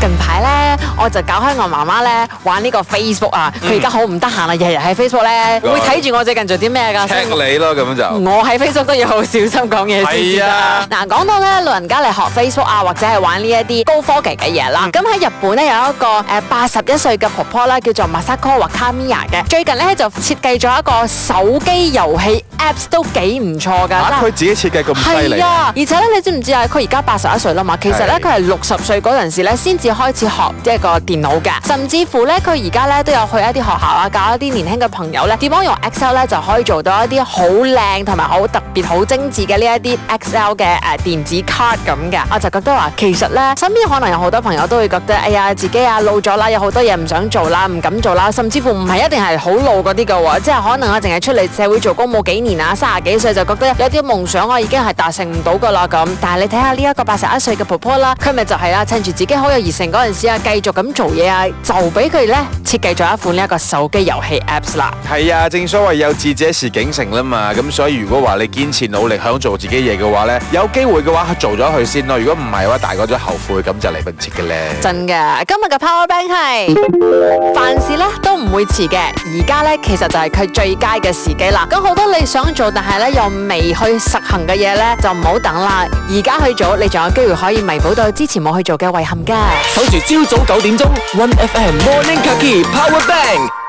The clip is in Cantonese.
近排咧，我就搞開我媽媽咧玩呢個 Facebook 啊！佢而家好唔得閒啦，日日喺 Facebook 咧會睇住我最近做啲咩噶。聽你咯咁就，我喺 Facebook 都要好小心講嘢先。係啊。嗱，講到咧老人家嚟學 Facebook 啊，或者係玩呢一啲高科技嘅嘢啦。咁喺日本咧有一個誒八十一歲嘅婆婆啦、啊，叫做 Masako Wakamiya 嘅。最近咧就設計咗一個手機遊戲 Apps 都幾唔錯噶。佢、啊、自己設計咁犀利。係啊，而且咧你知唔知啊？佢而家八十一歲啦嘛，其實咧佢係六十歲嗰陣時咧先。要開始學即係個電腦嘅，甚至乎呢，佢而家咧都有去一啲學校啊，教一啲年輕嘅朋友呢點樣用 Excel 呢就可以做到一啲好靚同埋好特別、好精緻嘅呢一啲 Excel 嘅誒電子卡 a r 咁嘅。我就覺得話，其實呢，身邊可能有好多朋友都會覺得，哎呀自己啊老咗啦，有好多嘢唔想做啦，唔敢做啦，甚至乎唔係一定係好老嗰啲噶，即係可能我淨係出嚟社會做工冇幾年啊，三十幾歲就覺得有啲夢想我、啊、已經係達成唔到噶啦咁。但係你睇下呢一個八十一歲嘅婆婆啦，佢咪就係啦、啊，趁住自己好有熱。成嗰陣時啊，繼續咁做嘢啊，就俾佢咧設計咗一款呢一個手機遊戲 apps 啦。係啊，正所謂有志者事竟成啦嘛。咁所以如果話你堅持努力想做自己嘢嘅話咧，有機會嘅話去做咗佢先咯。如果唔係嘅話，大個咗後悔咁就嚟唔切嘅咧。真嘅，今日嘅 Power Bank 係凡事咧都唔會遲嘅。而家咧，其實就係佢最佳嘅時機啦。咁好多你想做但係咧又未去實行嘅嘢咧，就唔好等啦。而家去做，你仲有機會可以彌補到之前冇去做嘅遺憾嘅。守住朝早九點鐘，One FM Morning Cookie Power Bank。